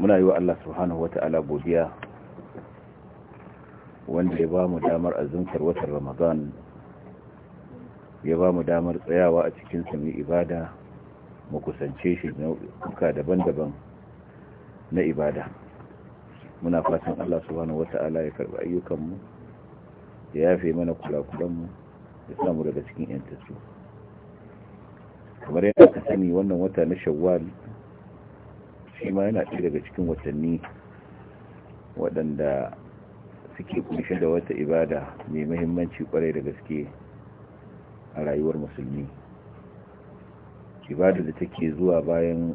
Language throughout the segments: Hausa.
muna yi wa Allah subhanahu wata'ala godiya wanda ya ba mu damar azumtar watan ramadan ya ba mu damar tsayawa a cikin sami ibada mu kusance shi nau'uka daban-daban na ibada muna fatan Allah subhanahu wata'ala ya karɓi ayyukanmu ya yafe mana kula kulakulanmu ya samu daga cikin 'yantattu kamar yadda aka sani wannan wata na shawwal shi yana ɗaya daga cikin watanni waɗanda suke kunshe da wata ibada mai mahimmanci kwarai da gaske a rayuwar musulmi ibada da take zuwa bayan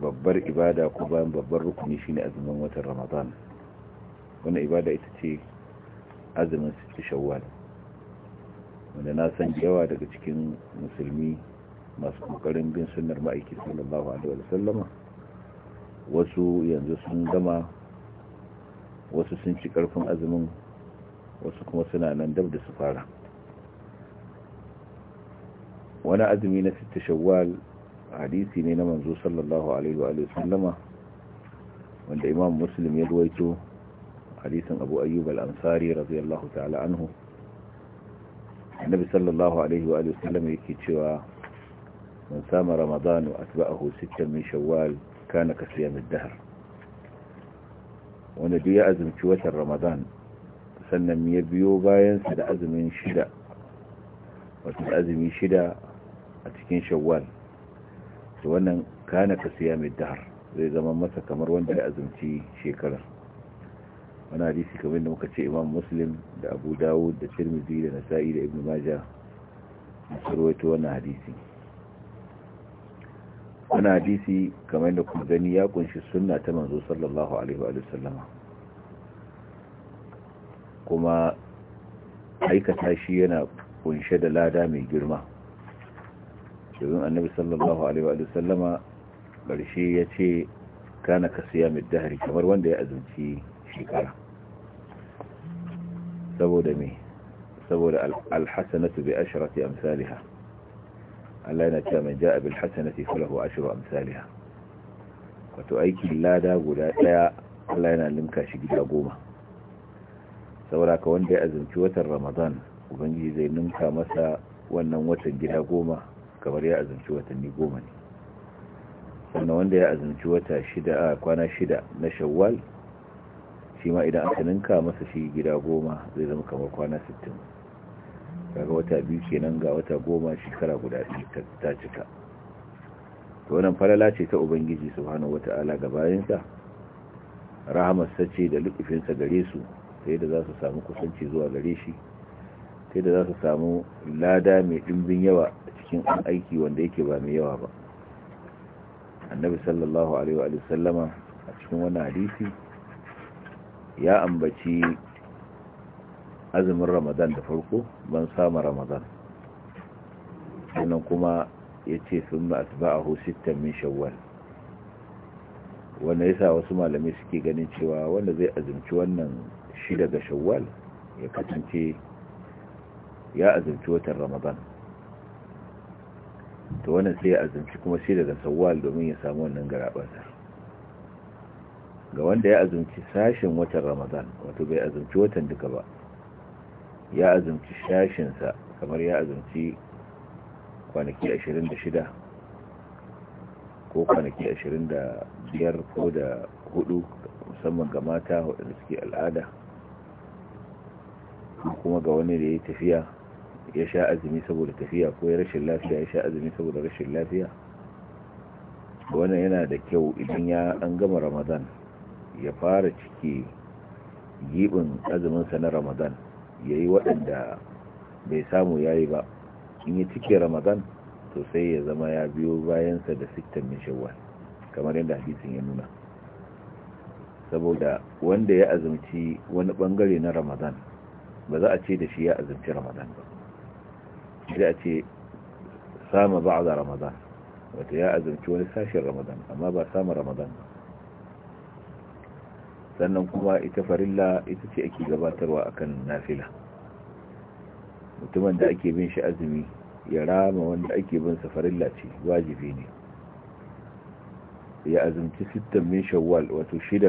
babbar ibada ko bayan babbar rukuni shine azumin watan ramadan wannan ibada ita ce azumin sittin shawwal wanda na san yawa daga cikin musulmi masu kokarin bin sunnar ma'aiki sallallahu alaihi wa sallama wasu yanzu sun gama wasu sun ci karfin azumin wasu kuma suna nan dab da su fara wani azumi na sita shawwal hadisi ne na manzo sallallahu alaihi wa sallama wanda imam muslim ya ruwaito hadisin abu ayyub al-ansari radiyallahu ta'ala anhu annabi sallallahu alaihi wa sallama yake cewa man sama ramadan wa atba'ahu sittan min shawwal kana ka siya dahar wanda duk ya azumci watan ramadan sannan ya biyo bayansa da azumin shida wasu azumin shida a cikin shawwal to wannan kana ka siya dahar zai zama masa kamar wanda ya azumci shekarar wani hadisi kamar da muka ce imam muslim da abu dawud da tirmidhi da nasa'i da ibn majah masu rawaito wannan hadisi wani hadisi kamar yadda kuma gani ya kunshi sunna ta manzo sallallahu alaihi wa sallama kuma aikata shi yana kunshe da lada mai girma domin annabi sallallahu alaihi wa sallama ƙarshe ya ce kana ka siya mai dahari kamar wanda ya azimci shekara saboda me saboda alhassanatu bi ashrati amsalha Allah yana cewa man ja'a bil hasanati falahu ashru amsalha wato aikin lada guda daya Allah yana linka shi gida goma saboda ka wanda ya azumci watan Ramadan ubangiji zai ninka masa wannan watan gida goma kamar ya azumci watanni goma ne sannan wanda ya azumci wata shida a kwana shida na shawwal shi ma idan aka ninka masa shi gida goma zai zama kamar kwana sittin kaga wata biyu kenan ga wata goma shekara guda ta cika to wannan falala ce ta ubangiji subhanahu wata'ala ga bayansa rahamarsa ce da lukufinsa gare su sai da za su samu kusanci zuwa gare shi sai da za su samu lada mai ɗimbin yawa cikin an aiki wanda yake ba mai yawa ba annabi sallallahu alaihi wa sallama a cikin wannan hadisi ya ambaci azumin ramadan da farko ban sama ramadan sannan kuma ya ce sun ba a husittan min shawwal wanda yasa wasu malamai suke ganin cewa wanda zai azumci wannan shi daga shawwal ya kasance ya azumci watan ramadan Ta wannan sai ya azumci kuma shi daga shawwal domin ya samu wannan garabansa ga wanda ya azumci sashen watan ramadan wato bai azumci watan duka ba ya azumci shashinsa kamar ya azumci kwanaki 26 ko kwanaki 25 ko da hudu musamman ga mata waɗanda suke al'ada kuma ga wani da ya tafiya ya sha azumi saboda tafiya ko ya rashin lafiya ya sha azumi saboda rashin lafiya wannan yana da kyau idan ya an gama ramadan ya fara ciki gibin azuminsa na ramadan ya yi waɗanda bai samu ya yi ba in yi cike ramadan to sai ya zama ya biyo bayansa da sittan min shawwal kamar yadda hadisin ya nuna saboda wanda ya azumci wani bangare na ramadan ba za a ce da shi ya azumci ramadan ba sai a ce sama ba'da ramadan wata ya azumci wani sashen ramadan amma ba sama ramadan ba sannan kuma ita farilla ita ce ake gabatarwa akan nafila mutumin da ake bin shi azumi ya rama wanda ake bin sa farilla ce wajibi ne ya azumci sittin min shawwal wato shida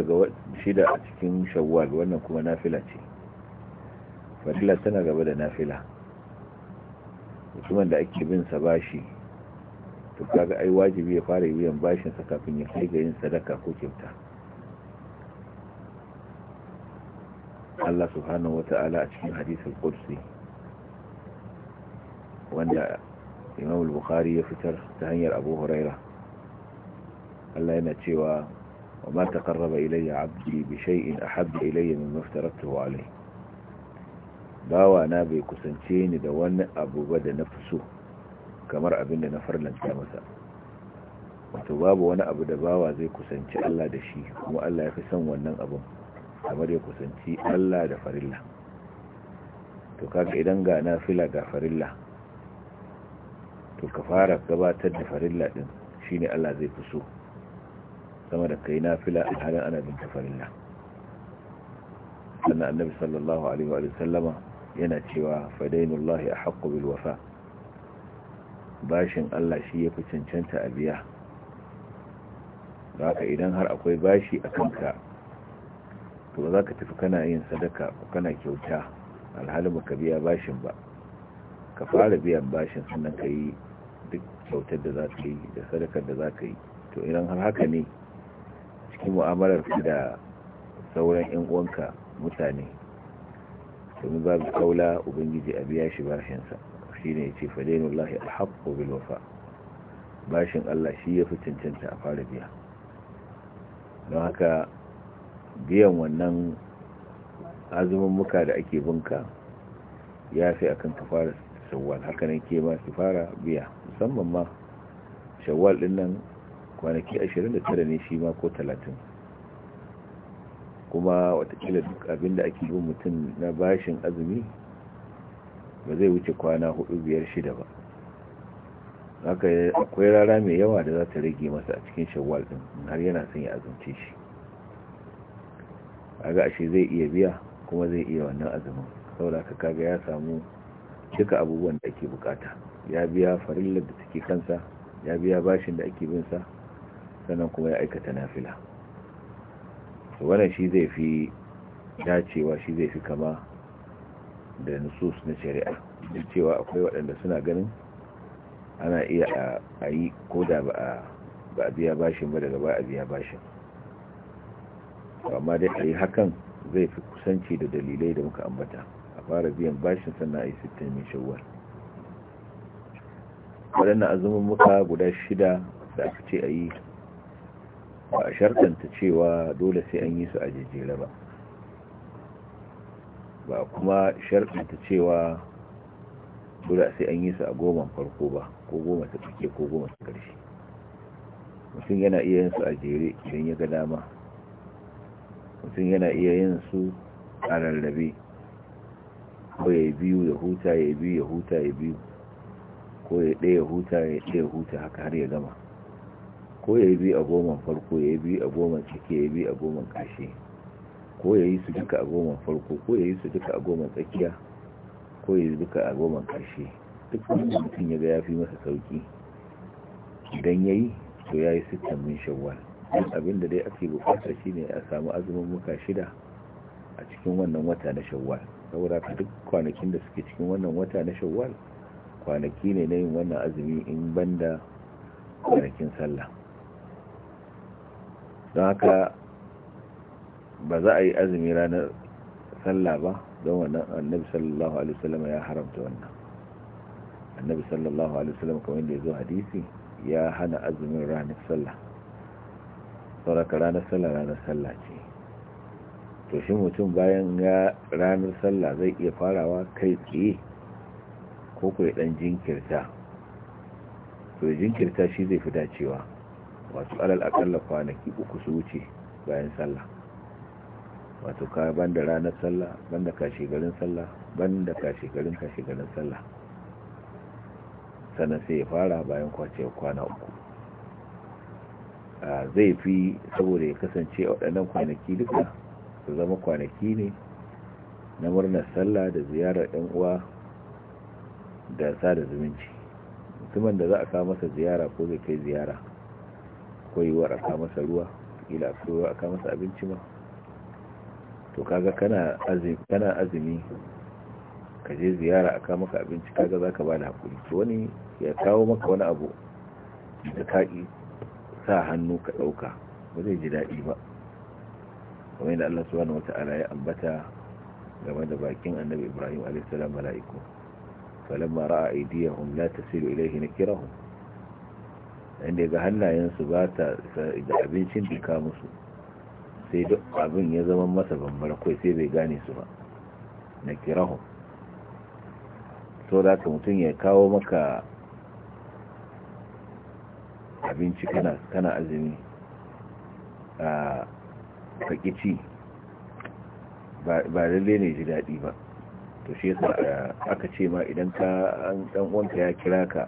a cikin shawwal wannan kuma nafila ce farilla tana gaba da nafila mutumin da ake bin sa bashi to kaga ai wajibi ya fara biyan bashin sa kafin ya kai ga yin sadaka ko kyauta Allah subhanahu wata'ala a cikin hadisul qudsi wanda Imam bukhari ya fitar ta hanyar Abu Huraira Allah yana cewa wa ma taqarraba ilayya 'abdi bi shay'in ahabba ilayya mimma aftaratuhu alayhi bawa na bai kusance ni da wani abu ba da na so kamar abin da na farlanta masa wato babu wani abu da bawa zai kusance Allah da shi kuma Allah ya fi son wannan abun kamar ya kusanci Allah da farilla to kaga idan ga nafila ga farilla to ka fara gabatar da farilla din shine Allah zai fuso da kai nafila a halin ana bin farilla sannan annabi sallallahu alaihi wa sallama yana cewa fadainullahi ahqqu bil wafa bashin Allah shi yafi cancanta a biya haka idan har akwai bashi a kanka to ba za ka tafi kana yin sadaka ko kana kyauta alhali ba ka biya bashin ba ka fara biyan bashin sannan ka yi duk kyautar da za ka yi da sadakar da za ka yi to idan har haka ne cikin mu'amalar ka da sauran 'yan uwanka mutane domin babu kaula ubangiji a biya shi bashinsa shi ne ce fadainullahi alhaqqu bil wafa bashin Allah shi ya fi cancanta a fara biya don haka biyan wannan azumin muka da ake bunka, ya fi akan ta fara shawwal haka nan ke ma su fara biya musamman ma shawwal din nan kwanaki 29 ne shi ma ko 30 kuma watakila duk da ake bin mutum na bashin azumi ba zai wuce kwana 4 biyar shida ba haka akwai rara mai yawa da za ta rage masa a cikin shawwal din har yana son ya azumce shi kaga ashe zai iya biya kuma zai iya wannan azumin saboda ka kaga ya samu cika abubuwan da ake bukata ya biya farillar da take kansa ya biya bashin da ake bin sa sannan kuma ya aikata nafila to wannan shi zai fi dacewa shi zai fi kama da nusus na shari'a duk cewa akwai waɗanda suna ganin ana iya a yi ko da ba a biya bashin ba daga ba a biya bashin amma dai a hakan zai fi kusanci da dalilai da muka ambata a fara biyan bashin sannan a yi sittin mai shawar waɗannan azumin muka guda shida da aka ce a yi ba a shartanta cewa dole sai an yi su a jejjera ba ba kuma shartanta cewa dole sai an yi su a goma farko ba ko goma ta ko goma ta ƙarshe mutum yana iya yin su a jere idan ya ga dama mutum yana iya yin su a rarrabe ko ya biyu ya huta ya biyu ya huta ya biyu ko ya ɗaya huta ya ɗaya huta haka har ya gama ko ya yi biyu a goman farko ya yi biyu a goman ciki ya yi biyu a goman ƙashe ko ya yi su duka a goman farko ko ya yi su duka a goman tsakiya ko ya yi duka a goman ƙashe duk wanda mutum ya ga ya fi masa sauƙi idan ya yi to ya yi sittan min shawara abin da dai ake bukata ne a samu azumin muka shida a cikin wannan wata na shawwal saboda ka duk kwanakin da suke cikin wannan wata na shawwal kwanaki ne na yin wannan azumi in banda kwanakin sallah don haka ba za a yi azumi ranar sallah ba don wannan annabi sallallahu alaihi wasallam ya haramta wannan annabi sallallahu alaihi wasallam kamar yadda ya zo hadisi ya hana azumin ranar sallah sauraka ranar sallah ranar sallah ce to shi mutum bayan ga ranar sallah zai iya farawa kai tsaye ko kuwa dan jinkirta to jinkirta shi zai fi dacewa wato alal akalla kwanaki uku su wuce bayan sallah wato ka banda ranar sallah banda kashi garin sallah banda kashi garin kashi garin sallah sannan sai ya fara bayan kwace kwana uku zai fi saboda ya kasance a waɗannan kwanaki duka su zama kwanaki ne na murnar sallah da ziyarar ɗan uwa da sada zumunci mutumin da za a kawo masa ziyara ko zai kai ziyara koyewar a kawo masa ruwa ila koyewar a kawo masa abinci ma to kaga kana azumi ka je ziyara a kawo maka abinci kaga za ka ba da hakuri to wani ya kawo maka wani abu da ka sa hannu ka ɗauka ba zai ji daɗi ba kamar yadda Allah subhanahu wata'ala ya ambata game da bakin annabi Ibrahim alayhi salam mala'iku falamma ra'a aydiyahum la tasilu ilayhi nakirahum inda ga hannayensu ba ta da abincin duka musu sai duk abin ya zama masa bambara kai sai bai gane su ba na so da mutum ya kawo maka abinci kana kana azumi a kakici ba lalle ne ji daɗi ba to shi yasa aka ce ma idan ka dan uwanka ya kira ka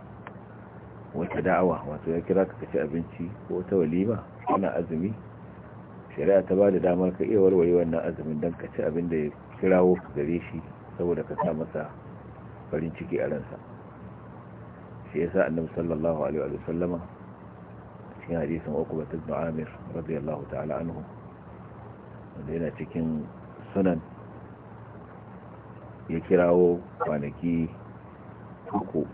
wata da'awa wato ya kira ka kaci abinci ko ta walima kana azumi shari'a ta ba da damar ka iya warware wannan azumin don ka ci abin da ya kirawo ka gare shi saboda ka sa masa farin ciki a ransa shi yasa annabi sallallahu alaihi wa sallama cikin hadisin uku ibn amir radiyallahu ta'ala anhu wanda yana cikin sunan ya kirawo kwanaki uku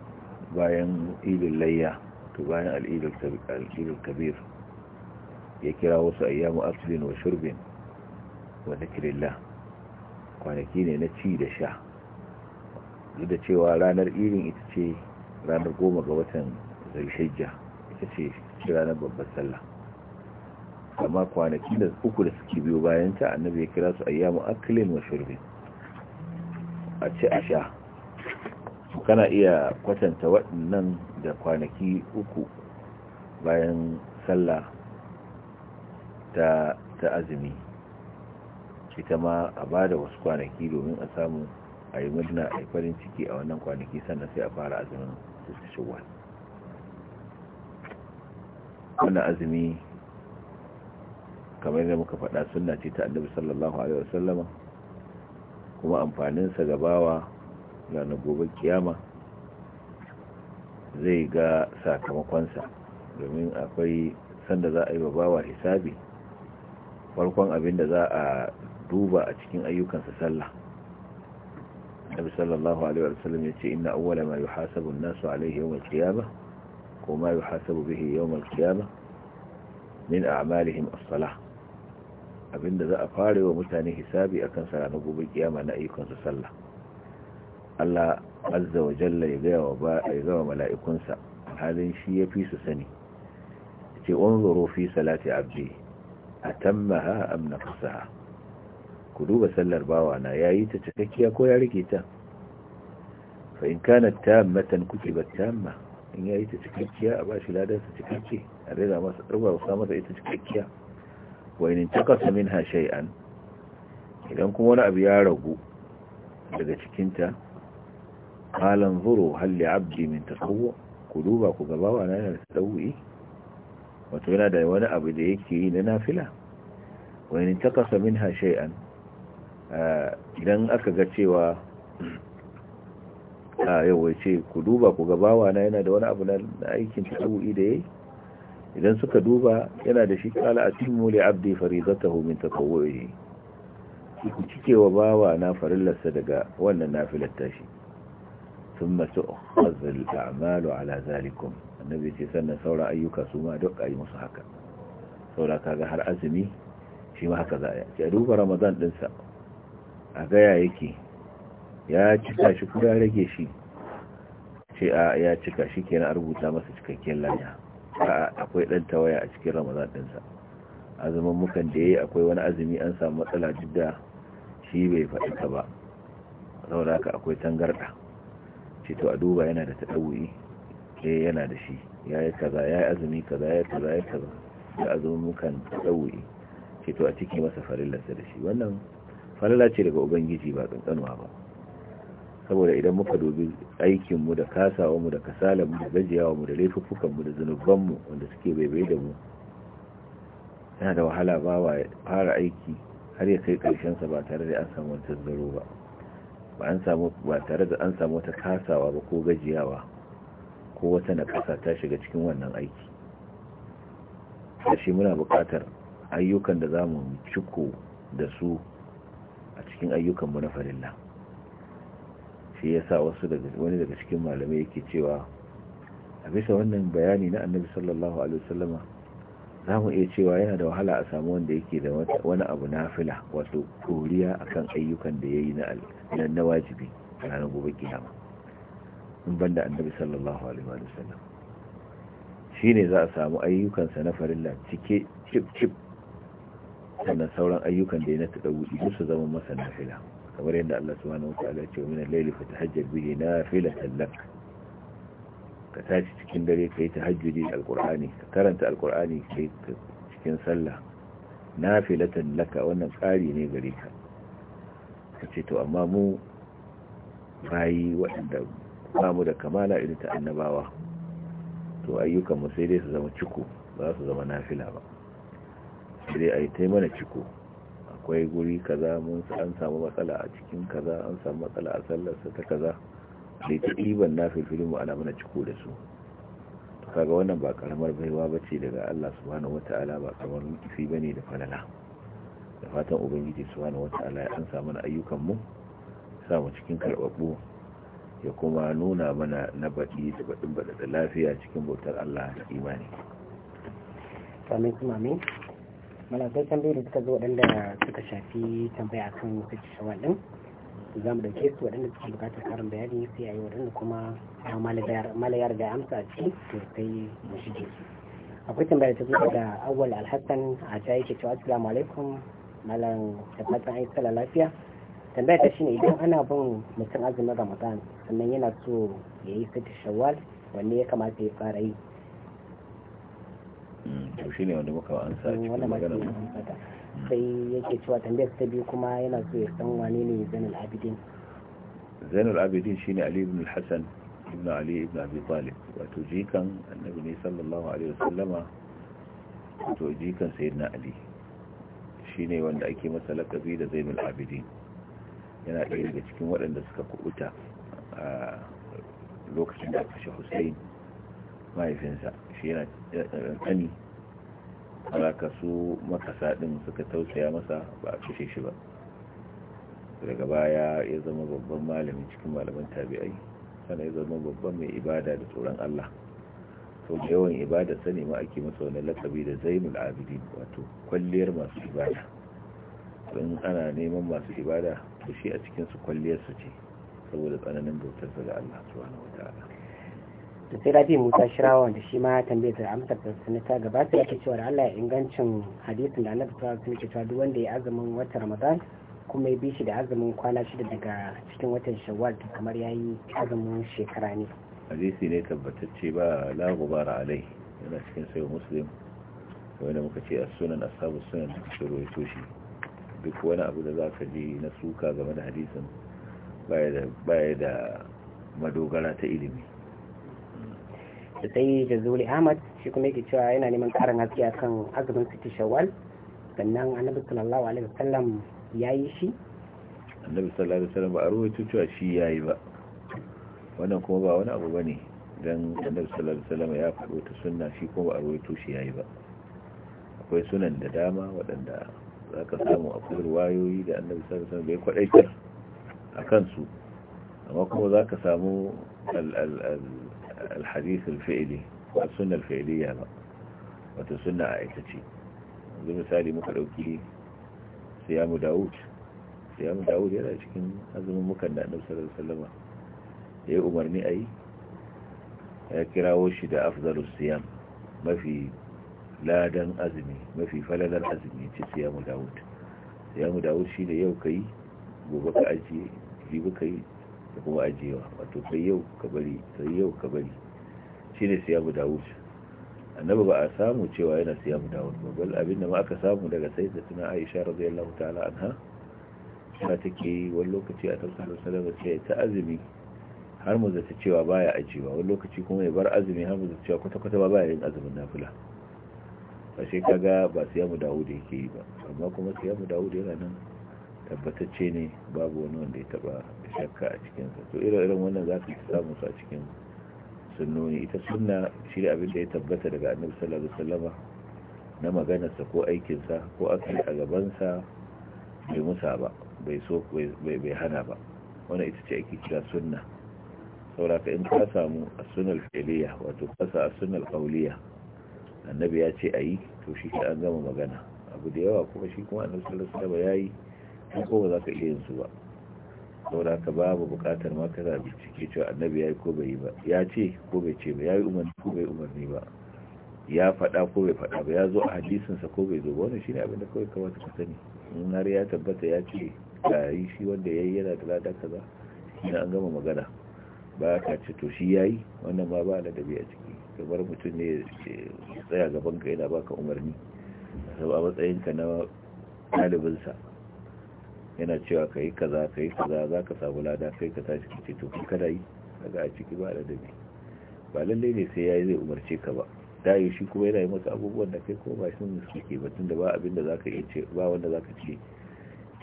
bayan ilil layya to bayan al'ilil kabir ya kirawo su ayyamu aslin wa shurbin wa zikirillah kwanaki ne na ci da sha duk da cewa ranar irin ita ce ranar goma ga watan shajja ita ce ce ranar babbar sallah amma kwanaki da uku da suke biyo bayan ta annabi ya kira su ayyamu aklin wa shurbin a ce a sha kana iya kwatanta waɗannan da kwanaki uku bayan sallah ta ta azumi ita ma a ba da wasu kwanaki domin a samu a yi murna a yi farin ciki a wannan kwanaki sannan sai a fara azumin su shawwal Wani azumi kamar da muka faɗa suna ce ta annabi sallallahu alaihi sallama, kuma amfaninsa ga bawa ranar gobe kiyama zai ga sakamakonsa domin akwai sanda za a yi wa bawa hisabi farkon abin da za a duba a cikin ayyukansa sallah annabi sallallahu alaihi wasallam ya ce inna awwala ma yuhasabu an-nasu alaihi yawm al-qiyamah وما يحاسب به يوم القيامة min a'malihim as-salah abinda za a fare wa mutane hisabi akan sa ranar gobe kiyama na ayyukan sallah Allah azza wa jalla ya ga wa ba ya halin shi yafi su sani ce unzuru fi salati abdi atammaha am naqsaha ku duba sallar bawa na yayi ta cikakkiya ko ya rike ta fa in kanat tammatan kutibat tamma in ya yi ta cikakkiya a bashi su cikakke a rera masa ɗarba ba samu da ita cikakkiya wainin takasa min ha an idan kuma wani abu ya ragu daga cikinta halan zuru halli abdi min tsawo ku duba ku gaba wa na yana tsawuyi wato yana da wani abu da yake yi na nafila wainin takasa min ha an idan aka ga cewa a ah, yau ya ce ku duba ku gabawa na yana da wani abu na aikin tsawo'i da yayi idan suka duba yana da shi kala atimmu li abdi faridatahu min tatawwu'i ku cike wa bawa na farillarsa daga wannan na nafilar tashi thumma tu'khadhu al-a'malu ala zalikun annabi ce sannan sauran ayyuka su ma duk ayi musu haka saura kaga har azumi shi ma haka za a yi a duba ramadan dinsa a gaya yake ya cika shi kuma ya rage shi ce a ya cika shi kenan a rubuta masa cikakken lada a akwai dan tawaya a cikin ramadan dinsa azumin mukan da yayi akwai wani azumi an samu matsala jidda shi bai faɗi ta ba saboda haka akwai tangarda ce to a duba yana da tadawuyi eh yana da shi yayi kaza yayi azumi kaza yayi kaza yayi kaza da azumin mukan tadawuyi ce to a ciki masa farillarsa da shi wannan falala ce daga ubangiji ba kankanuwa ba saboda idan muka dubi aikinmu da kasawarmu da mu da gajiyawarmu da laifuffukanmu da zunubanmu wanda suke baibai da mu yana da wahala ba wa fara aiki har ya kai sa ba tare da an samu wata zaro ba ba tare da an samu wata kasawa ba ko gajiyawa ko wata na kasa ta shiga cikin wannan aiki da shi muna bukatar ayyukan da za mu ciko da su a cikin ayyukanmu na farilla sai ya sa wasu wani daga cikin malamai yake cewa a bisa wannan bayani na annabi sallallahu alaihi wasallama za mu iya cewa yana da wahala a samu wanda yake da wani abu na fila wato koriya akan ayyukan da ya yi na na wajibi ranar gobe kiyama in ban da annabi sallallahu alaihi wasallam shi ne za a samu ayyukansa na farilla cike cip cip sannan sauran ayyukan da ya na taɗa wuɗi su zama masa na fila kamar yadda Allah subhanahu wa ta'ala ce min al-layli fatahajjab bihi nafilatan lak ka tashi cikin dare kai tahajjudi al-qur'ani ka karanta al-qur'ani kai cikin sallah nafilatan tallaka wannan tsari ne gare ka kace to amma mu bayi waɗanda ba da kamala irin ta annabawa to ayyukan mu sai dai su zama ciko ba su zama nafila ba sai dai a yi mana ciko akwai guri kaza mun an samu matsala a cikin kaza an samu matsala a sallarsa ta kaza da ta na filfilin mu ana mana ciko da su to kaga wannan ba karamar baiwa ba ce daga Allah subhanahu wata'ala ba kamar kifi ne da falala da fatan ubangiji subhanahu wata'ala ya an samu ayyukan mu sa mu cikin karɓaɓɓu ya kuma nuna mana na baɗi da baɗin baɗaɗa lafiya cikin bautar Allah da imani. Amin kuma amin. malakai tambayi da suka zo waɗanda suka shafi tambaya kan wakilci shawar ɗin za mu ɗauke su waɗanda suke buƙatar karin bayani sai a yi waɗanda kuma malayar da amsa a ciki to sai mu shige su akwai tambaya ta zo daga awwal alhassan a ta yake cewa assalamu alaikum malam da ai sala lafiya tambaya ta shine idan ana bin mutum azumin ramadan sannan yana so ya yi sati shawar wanne ya kamata ya fara yi Mm, to shi ne wanda muka an sa mm, cikin magana mm. sai yake cewa tambayar ta biyu kuma yana so ya san wani ne zainul abidin zainul abidin shine ali ibn al ibn ali ibn abi talib wato jikan annabi ne sallallahu alaihi wasallama wato jikan sayyidina ali shine wanda ake masa lakabi da zainul abidin yana ɗaya daga cikin waɗanda suka kubuta a lokacin da aka shi Hussein mahaifinsa shi yana ƙani eh, alaka su makasa ɗin suka tausaya masa ba a kashe shi ba daga baya ya zama babban malamin cikin malaman tabi'ai sannan ya zama babban mai ibada da tsoron Allah sau da yawan ibada sani ma ake masa wani lakabi da zainul abidi wato kwalliyar masu ibada don ana neman masu ibada to shi a cikinsu kwalliyarsu ce saboda tsananin bautarsa ga Allah subhanahu wa ta'ala to sai rabi musa shirawa wanda shi ma tambaye da amsar da sun ta gabata yake cewa da Allah ya ingancin hadisin da annabi sallallahu alaihi wasallam duk wanda ya azumin watan ramadan kuma ya bi shi da azumin kwana shida daga cikin watan shawwal kamar yayi azumin shekara ne hadisi ne tabbatacce ba la gubara alai yana cikin sayyid muslim wanda muka ce a sunan ashabu sunan da suka rawaito shi duk wani abu da zaka ji na suka game da hadisin baya da madogara ta ilimi da sai jazuli ahmad shi kuma yake cewa yana neman karin haske akan azumin siti shawwal sannan annabi sallallahu alaihi wasallam ya yi shi annabi sallallahu alaihi wasallam ba a rubuta cewa shi ya yi ba wannan kuma ba wani abu bane dan annabi sallallahu alaihi wasallam ya faɗo ta sunna shi kuma ba a rubuta shi ya yi ba akwai sunan da dama waɗanda za ka samu akwai wayoyi da annabi sallallahu alaihi wasallam bai kwadaita a kansu amma kuma za ka samu al alhadith alfi'li ba sunna alfi'liya ba wato suna a ita ce yanzu misali muka ɗauki siyamu daud siyamu daud yana cikin azumin muka da annabi sallallahu alaihi wasallam ya yi umarni ayi ya kirawo shi da afdalus siyam mafi ladan azumi mafi falalar azumi ce siyamu daud siyamu daud shine yau kai gobe ka ajiye jibi kai da kuma ajiyewa wato kai yau ka bari kai yau ka bari shine siyamu dawud annabi ba a samu cewa yana siyamu dawud ba bal abinda ma aka samu daga tuna aisha radiyallahu ta'ala anha ta take yi wani lokaci a tafsirin salama sai ta azumi har mu zata cewa baya ajiyewa wani lokaci kuma ya bar azumi har mu zata cewa kwata-kwata ba baya yin azumin nafila ba sai kaga ba siyamu dawud yake yi ba amma kuma siyamu dawud yana nan tabbatacce ne babu wani wanda ya taba shakka a cikinsa to irin wannan za ka samu su a cikin sunnoni ita sunna shi abin da ya tabbata daga annabi sallallahu alaihi wasallama na maganarsa ko aikinsa ko aka a gabansa bai musa ba bai so bai hana ba wannan ita ce ake kira sunna sauraka in ka samu a sunnal fi'liya wato kasa a sunnal qawliya annabi ya ce ayi to shi ke an gama magana abu da yawa kuma shi kuma annabi sallallahu alaihi wasallama yayi ko ba za ka iya yin su ba saboda ka babu bukatar ma a bincike cewa annabi ya yi ko bai yi ba ya ce ko bai ce ba ya yi umarni ko bai umarni ba ya faɗa ko bai faɗa ba ya zo a hadisinsa ko bai zo ba wannan shine abin da kawai kawai ka sani in har ya tabbata ya ce yayi yi shi wanda ya yi yana da lada kaza shine an gama magana ba ka ce to shi ya yi wannan ba ba ladabi a ciki kamar mutum ne ya tsaya gaban ka yana baka umarni a matsayinka na ɗalibinsa yana cewa ka yi kaza ka yi kaza za ka samu lada kai ka tashi ka ce to kai kada yi daga a ciki ba da dabi ba lalle ne sai ya zai umarce ka ba da yi shi kuma yana yi maka abubuwan da kai kuma ba shi suke batun da ba abin da za ka iya ce ba wanda za ka ce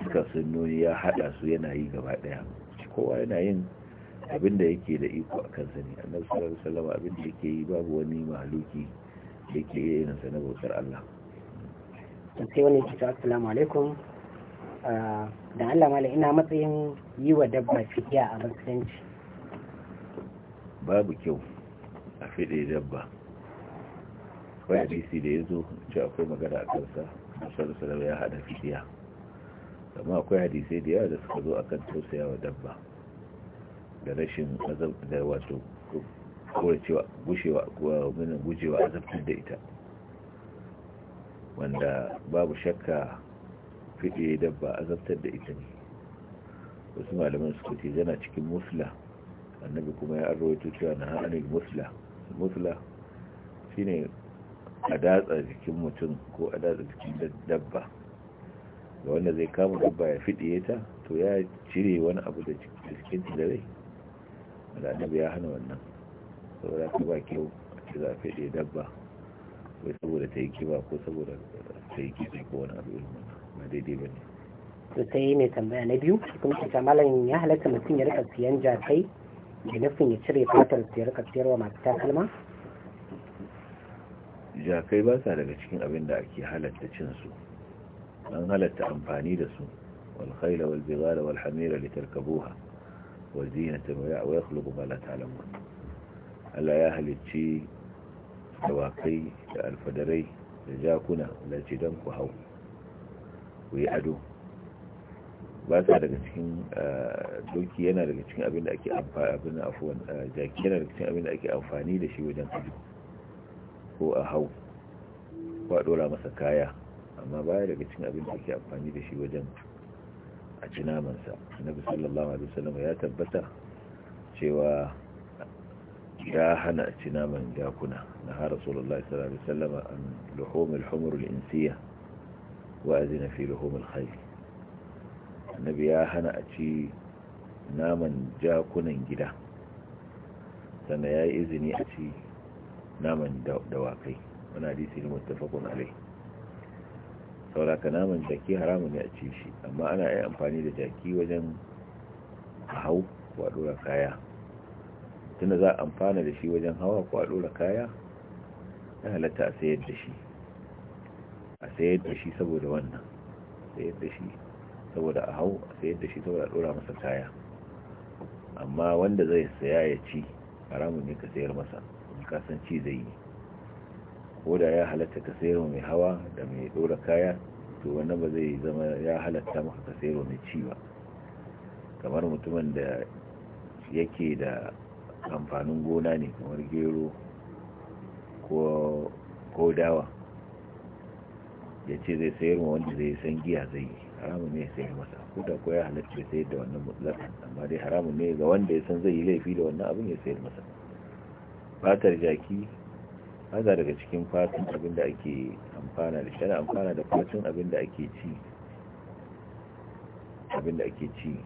suka sunnoni ya haɗa su yana yi gaba ɗaya kowa yana yin abin da yake da iko a kansa ne annabi sallallahu alaihi wasallam abin da yake yi babu wani mahaluki da yake yin sa na bautar Allah sai wani kita assalamu alaikum da Allah mala ina matsayin yi wa dabba fidiya a musulunci babu kyau a fide dabba akwai hadisi da ya zo ce akwai magana a kansa masar salam ya hada fidiya amma akwai hadisai da yawa da suka zo akan tausaya wa dabba da rashin azab da wato kowacewa gushewa gujewa azabtar da ita wanda babu shakka fiɗe dabba azabtar da ita ne wasu malaman su ce yana cikin musla annabi kuma ya arwaito cewa na hannun musla musla shine a datsa jikin mutum ko a datsa jikin dabba Da wanda zai kama dabba ya fiɗe ta to ya cire wani abu da cikin da rai annabi ya hana wannan saboda ta ba kyau a ce za a fiɗe dabba wai saboda ta yi kiba ko saboda ta yi kiba ko wani abu irin daidai ba ne to sai mai tambaya na biyu kuma ta malam ya halatta mutum ya rika siyan jakai da nufin ya cire fatar ya rika siyarwa masu takalma jakai ba sa daga cikin abin da ake halatta cin su an halatta amfani da su wal khayla wal bighala wal hamira litarkabuha wa zinata wa yakhluqu ma la ta'lamun Allah ya halicci dawakai da alfadarai da jakuna da ce ku hau ku yi ado ba sa daga cikin eh, doki yana daga cikin abin da ake amfani afuwan eh, jaki yana daga cikin abin da ake amfani da shi wajen ado ko a hau ko a dora masa kaya amma baya daga cikin abin da ake amfani da shi wajen a cinamansa na bisallallahu sallallahu alaihi wasallam ya tabbata cewa ya hana cinaman naman jakuna na har rasulullahi sallallahu alaihi wasallam an luhumul humur al-insiyah wa azina fi lahumul khayl annabi ya hana a ci naman jakunan gida sannan ya yi izini a ci naman dawakai wani hadisi ne mutafakun alai sauraka naman jaki haramun ne a ci shi amma ana iya amfani da jaki wajen hau kwadura kaya tunda za a amfana da shi wajen hawa kwadura kaya ya halatta a sayar da shi a sayar da shi saboda wannan sayar da shi saboda a hau a sayar da shi saboda a dora masa kaya amma wanda zai saya ya ci haramun ne ka sayar masa in kasan ci zai yi ko da ya halatta ka sayar mai hawa da mai dora kaya to wannan ba zai zama ya halatta maka ka sayar mai ci ba kamar mutumin da yake da amfanin gona ne kamar gero ko dawa ya ce zai sayar ma wanda zai san giya zai yi haramun ne sayar masa ko da ko ya halatta sayar da wannan mutlakan amma dai haramun ne ga wanda ya san zai yi laifi da wannan abin ya sayar masa fatar jaki haza daga cikin fatin abin da ake amfana da shana amfana da fatin abin da ake ci abin da ake ci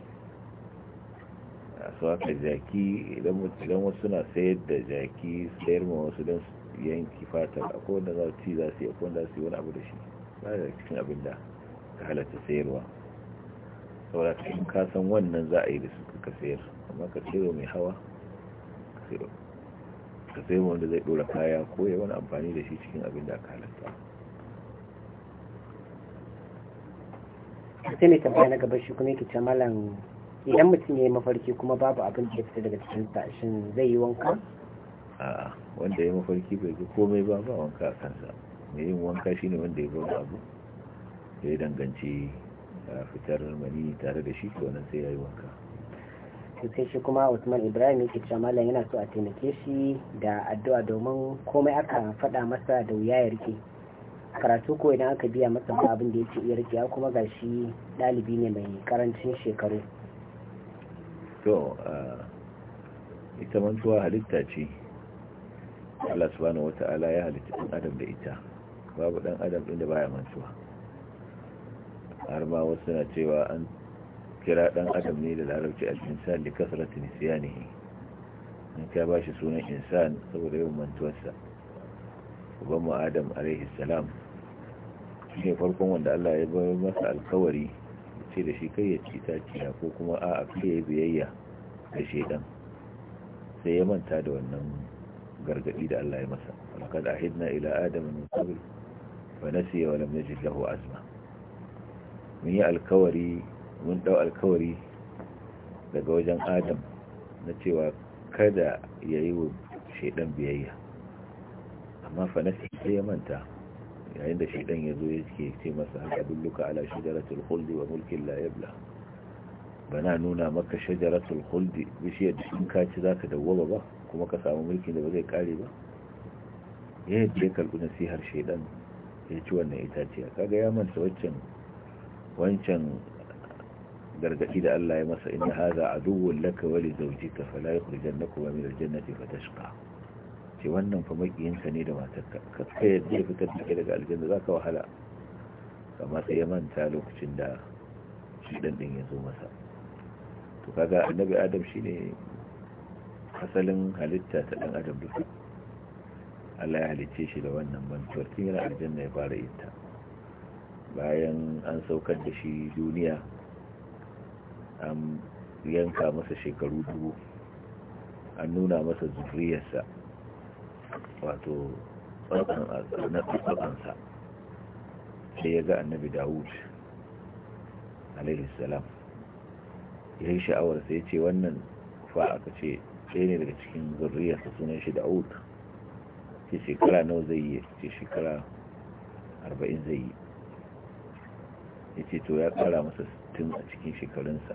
a su haka jaki idan wasu suna sayar da jaki sayar ma wasu don yanki fatar akwai wanda za su ci za su yi akwai wanda za su yi wani abu da shi ba da cikin abin da ka halatta sayarwa saboda cikin kasan wannan za a yi da su ka sayar amma ka sayarwa mai hawa ka sayarwa wanda zai dora kaya ko ya wani amfani da shi cikin abin da ka halatta sai mai tambaya na gaba shi kuma yake ce malam idan mutum ya yi mafarki kuma babu abin da ya fita daga cikin sashin zai yi wanka? a wanda ya mafarki bai ji komai ba ba wanka a kansa mai yin wanka shine wanda ya zo da abu ya ya danganci fitar mani tare da shi ko nan sai ya yi wanka sai shi kuma Usman Ibrahim yake cewa malam yana so a taimake shi da addu'a domin komai aka faɗa masa da wuya ya rike karatu ko idan aka biya masa ba abin da yake iya rike kuma shi ɗalibi ne mai karancin shekaru to ita mantuwa halitta ce Allah subhanahu ta'ala ya halitta ɗan adam da ita babu ɗan adam inda da baya mantuwa har ma wasu na cewa an kira ɗan adam ne da larabci al-insan ne kasrati ne? an ba shi sunan insan saboda yawan mantuwarsa Babban adam alaihi salam shi farkon wanda Allah ya bar masa alkawari ce da shi kai ya ci ta ciya ko kuma a a kai ya biyayya da shaidan sai ya manta da wannan gargadi da Allah ya masa alkada ahidna ila adam min qabl fa nasiya wa lam yajid lahu azma mun yi alkawari mun dau alkawari daga wajen adam na cewa kada ya yi wa shaidan biyayya amma fa sai ya manta yayin da shaidan ya zo ya ke ce masa haka dulluka ala shajaratul khuldi wa mulkin la yabla bana nuna maka shajaratul khuldi bishiyar da in ka ci zaka dawwaba ba kuma ka samu mulkin da ba zai kare ba yayin da ya karɓi nasihar shaidan ya ci wannan itaciya kaga ya manta waccan wancan gargadi da Allah ya masa inna hadha aduwwun laka wa li zawjika fala yukhrijannakuma min al fatashqa ce wannan fa makiyinka ne da matarka ka kai yadda ya fitar da kai daga aljanna zaka wahala amma sai ya manta lokacin da shi dan din ya zo masa to kaga annabi adam shine asalin halitta ta dan adam duka Allah ya halice shi da wannan mantuwar tun yana aljanna ya fara yinta bayan an saukar da shi duniya an yanka masa shekaru dubu an nuna masa zuriyarsa wato tsakansa sai ya ga annabi dawud alaihissalam ya yi sha'awar sai ce wannan fa aka ce ɗaya ne daga cikin zurriyarsa sunan shi da'ud ce shekara nawa zai yi ce shekara arba'in zai yi ya ce to ya kara masa sittin a cikin shekarunsa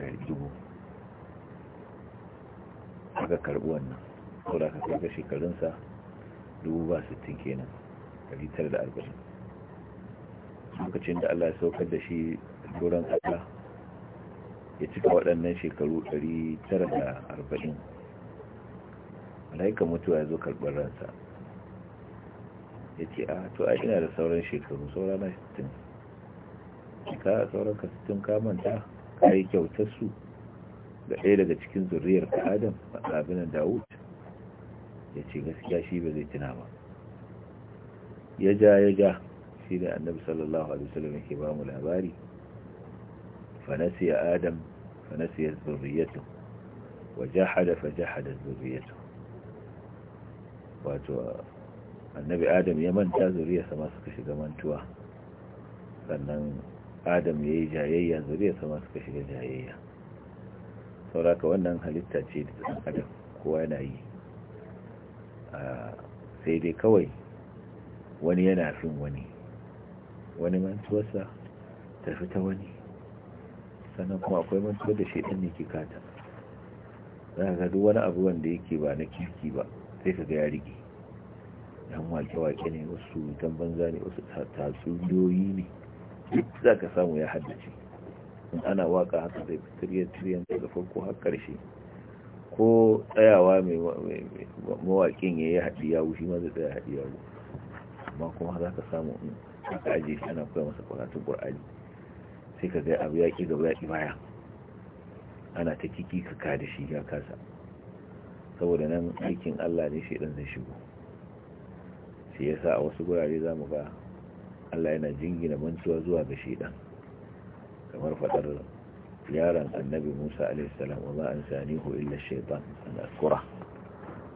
da dubu aka karbi wannan da aka karbi shekarunsa dubu ba sittin kenan dari litar da arba'in lokacin da Allah ya saukar da shi turan ƙasa ya cika waɗannan shekaru dari tara da arba'in mala'ikan mutuwa ya zo karɓar ransa ya ce a ah, to a ina da sauran shekaru sauran na 60 ka sauran ka 60 ka manta ka yi kyautar su da ɗaya daga cikin zuriyar ka adam a abinan dawud ya ce gaskiya shi ba zai tuna ba ya ja ya ja shi ne annabi sallallahu alaihi wasallam yake ba mu labari fanasiya adam fanasiya zurriyatu wa jahada fa jahada zurriyatu wato annabi adam ya manta zuriyarsa sama suka shiga mantuwa sannan adam ya yi jayayya zuriyarsa sama suka shiga jayayya sauraka wannan halitta ce da ɗan adam kowa yana yi sai dai kawai wani yana fin wani wani mantuwarsa tafi ta wani sannan kuma akwai mantuwar da ɗan ne ke kata za ka duk wani abu wanda yake ba na kirki ba sai ka ga ya rige yan wake-wake ne wasu tan banza ne wasu doyi ne duk za ka samu ya haddace in ana waka haka zai tiryan-tiryan daga farko har karshe ko tsayawa mai mawakin ya yi haɗi yawu shi ma zai tsaya haɗi yawu amma kuma za ka samu in ka ajiye shi ana koya masa karatun ƙwar'ani sai ka zai abu yaƙi gaba yaƙi baya ana ta kiki ka ka da shi ya kasa saboda nan aikin Allah ne shi ɗan zai shigo shi sa a wasu gurare za mu ga Allah yana jingina mantuwa zuwa ga ɗan. kamar faɗar yaron annabi Musa alaihi salam wa ma an sanihu illa shaitan an azkura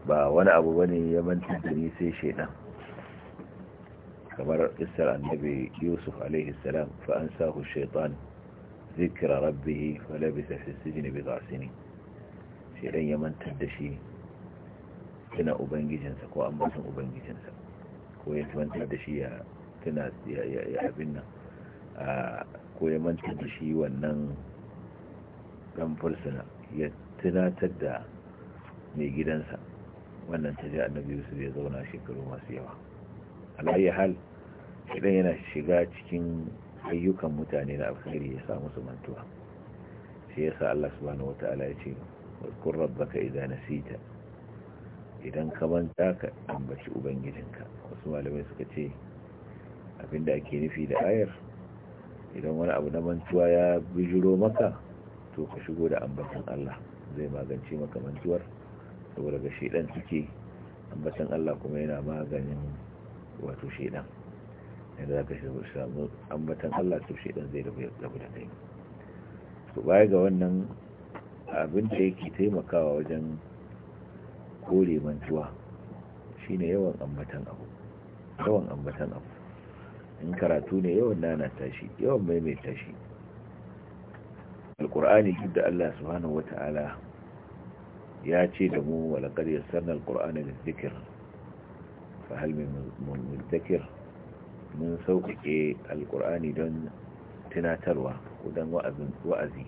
ba wani abu bane ya manta da ni sai shaidan kamar isar annabi Yusuf alaihi salam fa an sahu shaitan ذكر ربه فلبث في السجن بضع ya شيئا da shi. tuna ubangijinsa ko ambaton ubangijinsa ko ya tuwanta da shi ya tuna ya abin nan ko ya manta da shi wannan ɗan fursuna ya tunatar da mai gidansa wannan ta ji annabi yusuf ya zauna shekaru masu yawa alayi hal idan yana shiga cikin ayyukan mutane na alkhairi ya samu su mantuwa shi yasa Allah subhanahu wataala ya ce wa kun rabbaka na nasita idan ka manta ka ambaci ubangijinka wasu malamai suka ce abinda ake nufi da ayar idan wani abu na mantuwa ya bijiro maka to ka shigo da ambatan Allah zai magance maka mantuwar saboda ga shedan suke ambatan Allah kuma yana maganin wato shedan yadda za ka samu ambatan Allah to shedan zai rabu da kai to baya ga wannan abin da yake taimakawa wajen kore mantuwa shine yawan ambatan abu yawan ambatan abu in karatu ne yawan nana tashi yawan mai tashi. alkur'ani duk da Allah subhanahu wata'ala ya ce da mu walaqad yassarna alqur'ana lidhikr fa hal min mudhakkir mun sauƙaƙe alkur'ani don tunatarwa ko don wa'azi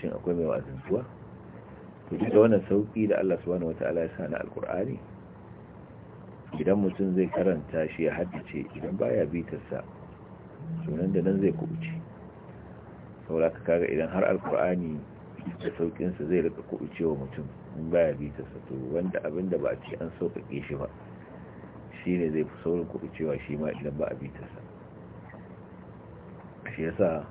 shin akwai mai wa'azin tuwa to duka wannan sauki da Allah subhanahu wataala ya sa na alkur'ani idan mutum zai karanta shi ya haddace idan baya bitarsa sunan da nan zai kubuce saboda ka kaga idan har alkur'ani da saukinsa zai rika kubuce wa mutum in baya bitarsa to wanda abin da ba ce an sauƙaƙe shi ba shi ne zai fi saurin kubucewa shi ma idan ba a bitarsa shi yasa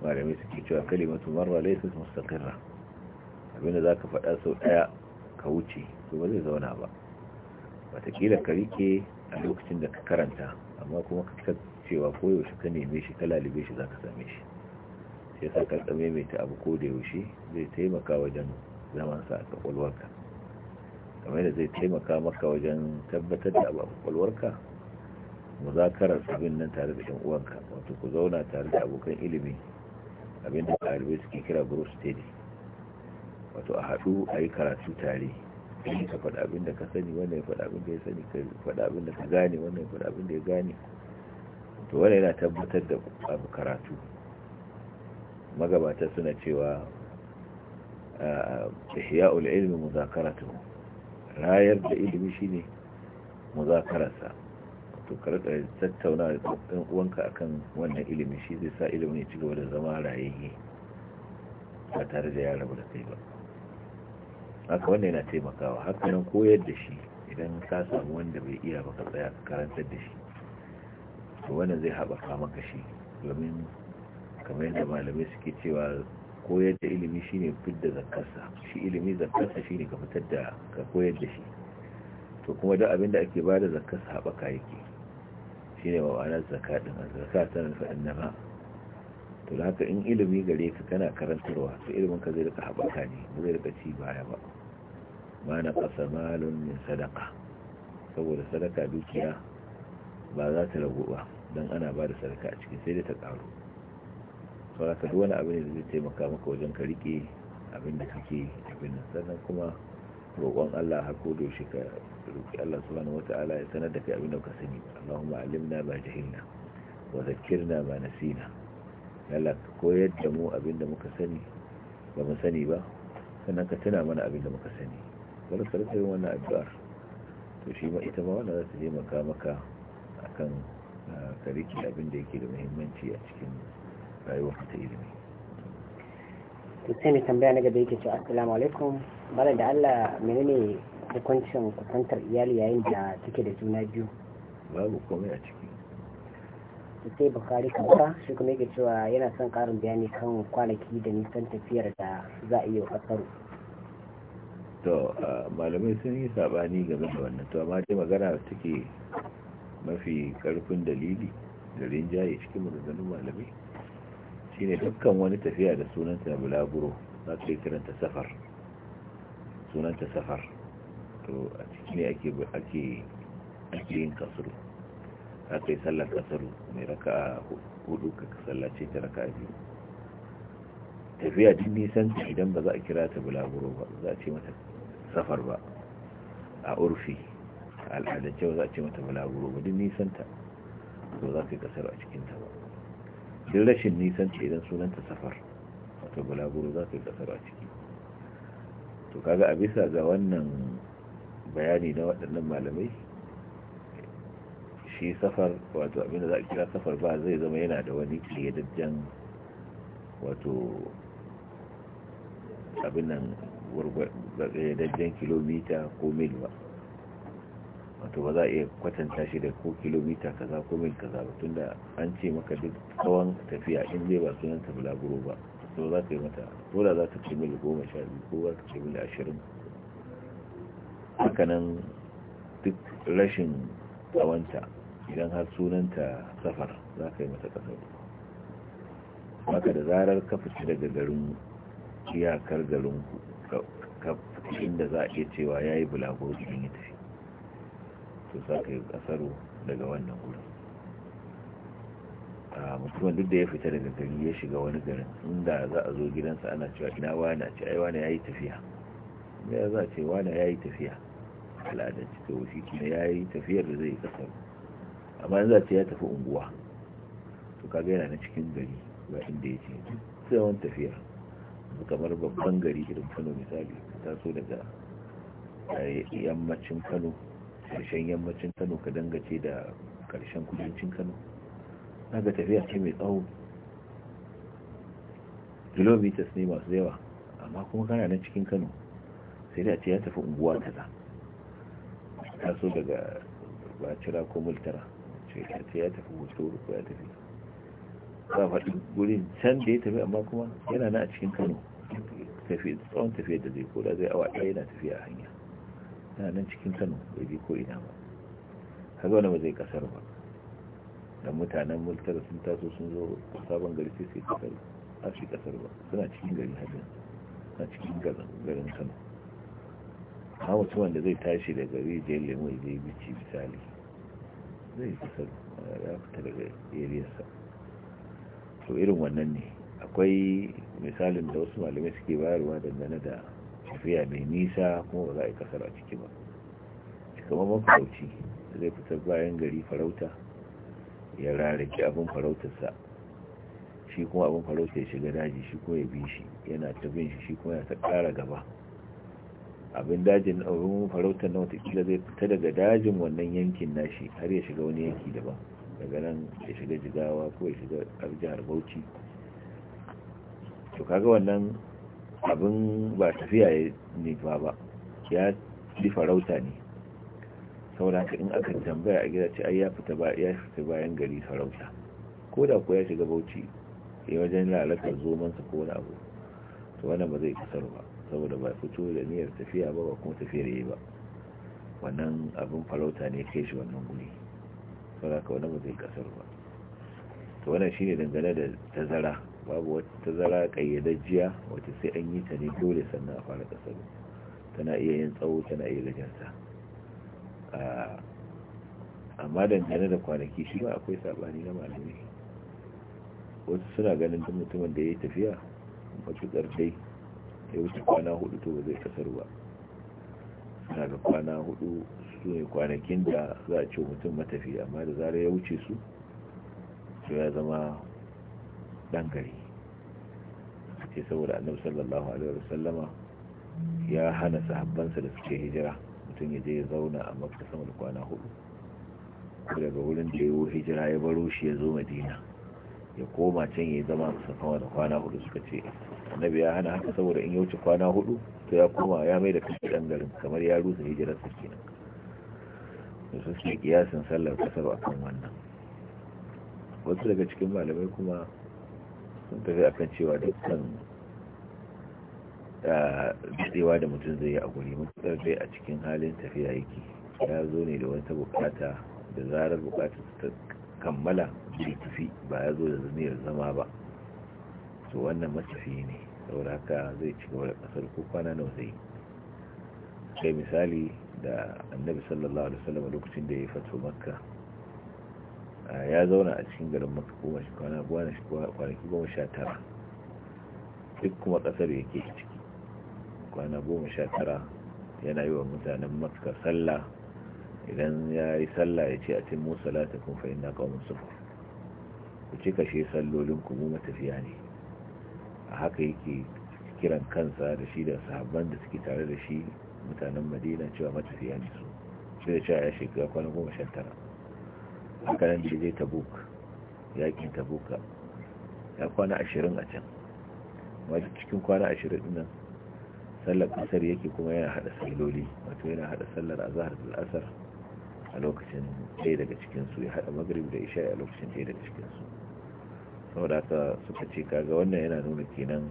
malamai suke cewa kalimatu marra laysat mustaqirra abinda za ka faɗa sau ɗaya ka wuce to ba zai zauna ba watakila ka rike a lokacin da ka karanta amma kuma ka cewa koyaushe ka neme shi ka lalibe shi za ka same shi sai sa ka tsame mai ta abu ko da yaushe zai taimaka wajen zamansa a kwakwalwarka kamar yadda zai taimaka maka wajen tabbatar da abu a kwakwalwarka muzakarar abin nan tare da 'yan uwanka wato ku zauna tare da abokan ilimi abinda da ɗalibai suke kira group study wato a haɗu a yi karatu tare ka faɗa abin da ka sani wannan ya faɗa abin da ya sani ka faɗa abin da ka gane wannan ya faɗa abin da ya gane to wannan yana tabbatar da abu karatu magabata suna cewa ul ilmi muzakaratu rayar da ilimi shine muzakarasa to karɓar tattauna da ɗan uwanka akan wannan ilimin shi zai sa ilimin ya ci gaba da zama rayayye ba tare da ya rabu da kai ba haka wanda yana taimakawa haka nan koyar da shi idan ka samu wanda bai iya ba ka tsaya karantar da shi to wannan zai haɓaka maka shi domin kamar yadda malamai suke cewa koyar da ilimi shine fidda zakarsa shi ilimi zakarsa shine ka fitar da ka koyar da shi to kuma duk abin da ake ba da zakarsa haɓaka yake shine wa ana zakka din ta tana faɗin nama to da haka in ilimi gare ka kana karantarwa to ilimin ka zai rika haɓaka ne zai rika ci baya ba ma na ƙasa malon min sadaka saboda sadaka dukiya ba za ta ragu ba don ana ba da sadaka a cikin sai dai ta ƙaru saboda ka wani abin da zai taimaka maka wajen ka rike abin da kake abin nan sannan kuma roƙon Allah har ko da shi ka roƙi Allah subhanahu wata'ala ya sanar da kai abin da ka sani Allahumma alimna ba jahilna wa zakkirna ba nasina Allah ka koyar da mu abinda muka sani ba mu sani ba sannan ka tuna mana abinda muka sani wani karfe wannan addu'ar to shi ma ita ma wanda za ta taimaka maka akan ka rike abinda yake da muhimmanci a cikin rayuwar ta ilimi to tambaya na gaba yake cewa assalamu alaikum bala da Allah menene hukuncin kusantar iyali yayin da take da juna biyu babu komai a ciki sai bukari kanta shi kuma yake cewa yana son karin bayani kan kwanaki da nisan tafiyar da za a iya kasaru to malamai sun yi sabani game da wannan to amma dai magana take mafi karfin dalili da rinjaye cikin maganganun malamai shine dukkan wani tafiya da sunanta bulaguro za ta yi kiranta safar sunanta safar to a ciki ne ake ake yin kasuru ka kai sallar kasaru mai raka hudu ka sallace ta raka biyu tafiya duk nisan idan ba za a kira ta bulaguro ba za a ce mata safar ba a urfi a al'adance ba za a ce mata bulaguro ba duk nisan ta to za ka yi kasaru a cikin ta ba duk rashin nisan ta idan sunanta safar wato bulaguro za ka yi kasaru a ciki to kaga a bisa ga wannan bayani na waɗannan malamai shi safar wato abinda za a kira safar ba zai zama yana da wani ƙiyayyadajjen wato abin nan ƙiyayyadajjen kilomita ko mil ba wato ba za a iya kwatanta shi da ko kilomita kaza ko mil kaza ba tunda an ce maka duk tsawon tafiya in zai ba sunan ta bulaguro ba to za ka yi mata dole za ta ce mil goma sha biyu ko za ta ce mil ashirin hakanan duk rashin tsawonta idan har sunanta safar za ka yi mata kasar haka da zarar ka fice daga garin iyakar garin ka inda za a iya cewa ya yi bulago cikin ya tafi to za ka yi kasaro daga wannan wurin a mutumin duk da ya fita daga gari ya shiga wani garin inda za a zo gidansa ana cewa ina wana ce ai wana ya yi tafiya ya za a ce wana ya yi tafiya al'adar cikin wasu kina ya yi tafiyar da zai kasar amma yanzu a ce ya tafi unguwa to kaga yana na cikin gari ba inda ya ce sai wani tafiya kamar babban gari irin kano misali ta so daga eh, yammacin kano karshen yammacin kano ka dangace da karshen kudancin kano ga tafiya ce mai tsawo kilomitas ne masu yawa amma kuma kana nan cikin kano sai da ce ya tafi unguwa kaza ta so daga bacira ko multara sai ya tafi hoto ko ya tafi ba faɗi gurin can da ya tafi amma kuma yana na a cikin kano tsawon tafiya da zai koda zai awa ɗaya yana tafiya a hanya yana nan cikin kano bai je ko ina ba Haga wani ba zai kasar ba dan mutanen mulkar sun taso sun zo sabon gari sai sai kasar ba su kasar ba suna cikin gari hajjin suna cikin garin kano a mutum wanda zai tashi da gari je lemo zai je bici misali zai fita ya fita daga eriyarsa to irin wannan ne akwai misalin da wasu malamai suke bayarwa dangane da tafiya mai nisa kuma ba za a yi kasar a ciki ba kamar mafarauci zai fita bayan gari farauta ya rarraki abin farautarsa shi kuma abin farauta ya shiga daji shi ko ya bi shi yana ta shi kuma ya ta kara gaba abin dajin abin farautar na watakila zai fita daga dajin wannan yankin nashi har ya shiga wani yanki daban daga nan ya shiga jigawa ko ya shiga jihar bauchi to kaga wannan abin ba tafiya ya nufa ba ya fi farauta ne saboda in aka tambaya a gida ce ai ya fita bayan gari farauta ko da kuwa ya shiga bauchi ya wajen lalatar zomansa ko wani abu to wannan ba zai kasar ba saboda ba fito da niyyar tafiya ba ba kuma tafiyar yi ba wannan abin farauta ne ke shi wannan guri saboda ka wani ba zai kasar ba to wannan ne dangane da tazara babu wata tazara kayyadajjiya wata sai an yi ta ne dole sannan a fara kasar tana iya yin tsawo tana iya gajarta amma dangane da kwanaki shi ba akwai sabani na malami wasu suna ganin duk mutumin da ya yi tafiya matuƙar dai ya wuce kwana hudu to ba zai kasar ba ga kwana hudu su ne kwanakin da za a ce mutum matafi amma da zara ya wuce su to ya zama dan gari ce saboda annabi sallallahu alaihi wasallama ya hana sahabbansa da suke hijira mutum ya je ya zauna a makka sama da kwana hudu daga wurin da ya yi hijira ya baro shi ya zo madina ya koma can ya zama musamman da kwana hudu suka ce annabi ya hana haka saboda in ya wuce kwana hudu to ya koma ya mai da kashi dan garin kamar ya rusa hijirar sa kenan da su suke kiyasin sallar kasar akan wannan wasu daga cikin malamai kuma sun tafi akan cewa dukkan ah, daɗewa da mutum zai yi a guri mutuƙar zai a cikin halin tafiya yake ya zo ne da wata bukata da zarar bukatar ta kammala bai tafi ba ya zo da zaniyar zama ba to wannan matafi ne saboda haka zai ci gaba da kasar ko kwana nawa zai sai misali da annabi sallallahu alaihi wasallam lokacin da ya fato makka ya zauna a cikin garin makka kuma shi kwana kwanaki goma sha tara duk kuma kasar yake ciki kwana goma sha tara yana yi wa mutanen makka sallah idan ya yi sallah ya ce a cin musa kun fa'in na kawon su ku ci kashe sallolin ku mu matafiya ne a haka yake kiran kansa da shi da sahabban da suke tare da shi mutanen madina cewa matafiya ne su shi da cewa ya shekara kwana goma shan tara haka nan da zai tabuk yakin tabuka ya kwana ashirin a can wajen cikin kwana ashirin nan sallar kasar yake kuma yana hada salloli wato yana hada sallar azahar da al'asar a lokacin ɗaya daga cikinsu ya haɗa magrib da isha a lokacin ɗaya daga cikinsu saboda haka suka ce kaga wannan yana nuna kenan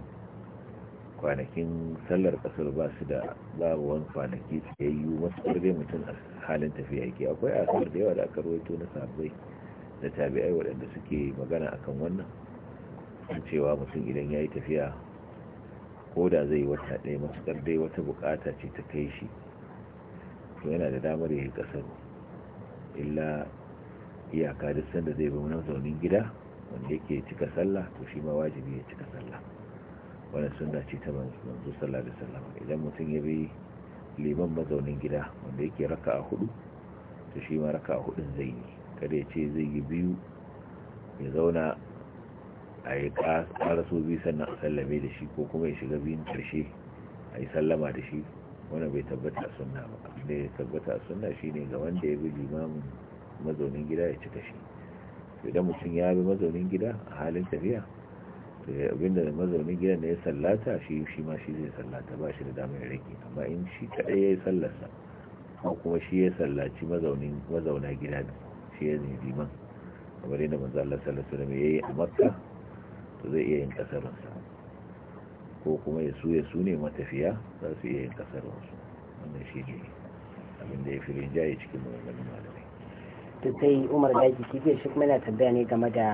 kwanakin sallar ƙasar ba su da babu wani kwanaki yi wasu ƙarfe mutum a halin tafiya ke. akwai asar da yawa da aka rawaito na sahabbai da tabi'ai waɗanda suke magana akan wannan an cewa mutum idan ya yi tafiya ko da zai wata ɗaya masu dai wata buƙata ce ta kai shi to yana da damar ya yi ƙasar illa iyaka duk sanda zai bi mazaunin gida wanda yake cika sallah to shi ma wajibi ya cika sallah wani sunna ce ta manzo sallah da sallama idan mutum ya bi liman mazaunin gida wanda yake raka a hudu to shi ma raka a hudun zai yi kada ya ce zai yi biyu ya zauna a yi ƙara so biyu sannan a sallame da shi ko kuma ya shiga biyun karshe a yi sallama da shi wanda bai tabbata suna ba da ya tabbata shi ne ga wanda ya bi limamin mazaunin gida ya cika shi idan mutum ya bi mazaunin gida a halin tafiya to abinda mazaunin gida da ya sallata shi shi ma shi zai sallata ba shi da damar ya rage amma in shi ta ya yi sallarsa ko kuma shi ya sallaci mazaunin mazauna gida shi ya zai liman kamar yadda manzo Allah sallallahu alaihi wasallam yi a Makka to zai iya yin kasarinsa ko kuma ya su ya su ne matafiya za su iya yin kasar wasu wannan shi ne abinda ya fi rinjaye cikin maganganun malamai to sai umar daji kifiyar shi kuma yana tambaya ne game da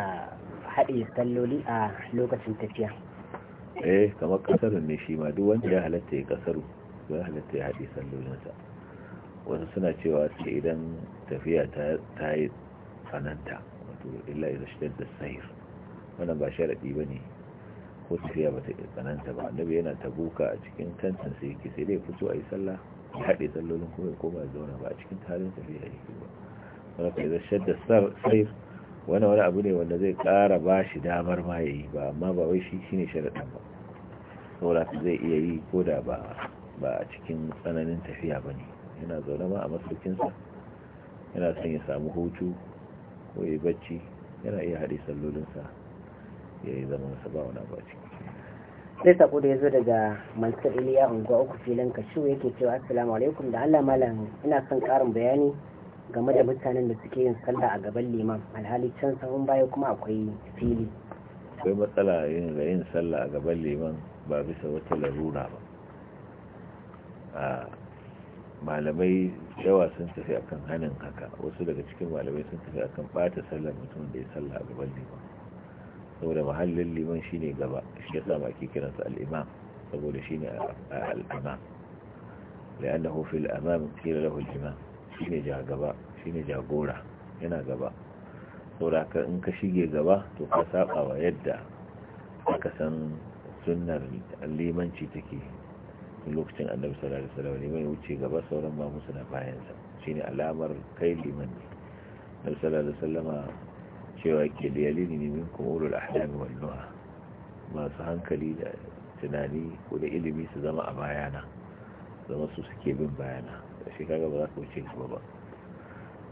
haɗe salloli a lokacin tafiya eh kamar kasar ne shi ma duk wanda ya halatta ya kasaru ya halatta ya haɗe sallolinsa wasu suna cewa sai idan tafiya ta yi tsananta wato illa ya zashi da sahir wannan ba sharaɗi ba ne ko tafiya ba ta tsananta ba annabi yana tabuka a cikin tantan sai yake sai dai fito a yi sallah ya haɗe sallolin kuma ya koma zauna ba a cikin tarin tafiya yake ba wani kai da shadda sai wani wani abu ne wanda zai ƙara ba shi damar ma ya yi ba amma ba wai shi shine sharaɗin ba saboda zai iya yi ko da ba a cikin tsananin tafiya ba ne yana zaune ma a sa yana son ya samu hutu ko ya bacci yana iya haɗe sallolinsa ya yi zama sa ba wani abaci sai sako da ya zo daga mansur iliya unguwa uku filin kashu yake cewa assalamu alaikum da allah malam ina son karin bayani game da mutanen da suke yin sallah a gaban liman alhali can sahun baya kuma akwai fili akwai matsala yin da yin sallah a gaban liman ba bisa wata larura ba malamai yawa sun tafi akan hanin haka wasu daga cikin malamai sun tafi akan bata sallar mutum da ya sallah a gaban liman saboda mahallin liman shine gaba shi ya ba ke kiransa al saboda shine da imam لأنه في الأمام da له الإمام شيني ja gaba شيني جا jagora yana gaba sauraka in ka shige gaba to ka saba wa yadda aka san sunar limanci take lokacin annabi sallallahu alaihi wasallam liman ya wuce gaba sauran ma musu na bayansa shine alamar kai liman ne sallallahu alaihi wasallama cewa ke da yalini ne min kuma ahdami wal masu hankali da tunani ko da ilimi su zama a bayana zama su suke bin bayana da shi kaga ba za ka wuce su ba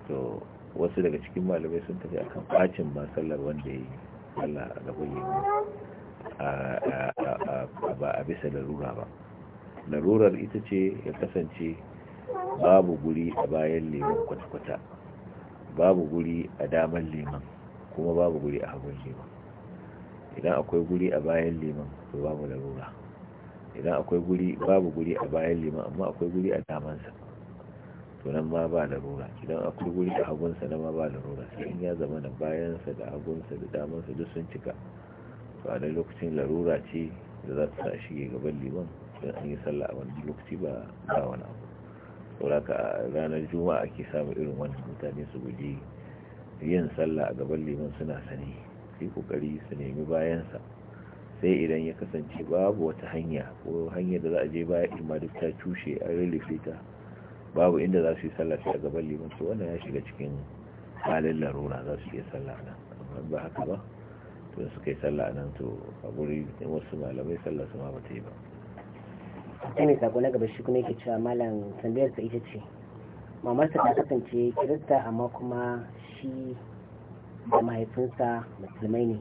to wasu daga cikin malamai sun tafi akan bacin ba sallar wanda ya yi Allah da kuyi ba a bisa larura ba larurar ita ce ya kasance babu guri a bayan leman kwata-kwata babu guri a damar leman kuma babu guri a hagun liman idan akwai guri a bayan liman to babu larura idan akwai guri babu guri a bayan liman amma akwai guri a damansa to nan ma ba larura idan akwai guri a hagunsa na ma ba larura sai in ya zama da bayansa da hagunsa da damansa duk sun cika to a lokacin larura ce da za ta shige gaban liman don an yi sallah a wani lokaci ba wani abu saboda ranar juma'a ake samun irin wani mutane su guji yin sallah a gaban liman suna sani sai kokari su nemi bayansa sai idan ya kasance babu wata hanya ko hanyar da za a je baya imma duk ta cushe a rilifi ta babu inda za su yi sallah sai a gaban liman to wannan ya shiga cikin halin larura za su iya sallah nan amma ba haka ba to suka yi sallah nan to a guri wasu malamai sallah su ma ba ta yi ba. Ɗan sako na gaba shi kuma yake cewa malam tambayarsa ita ce mamarsa ta kasance kirista amma kuma shi da mahaifinsa musulmai ne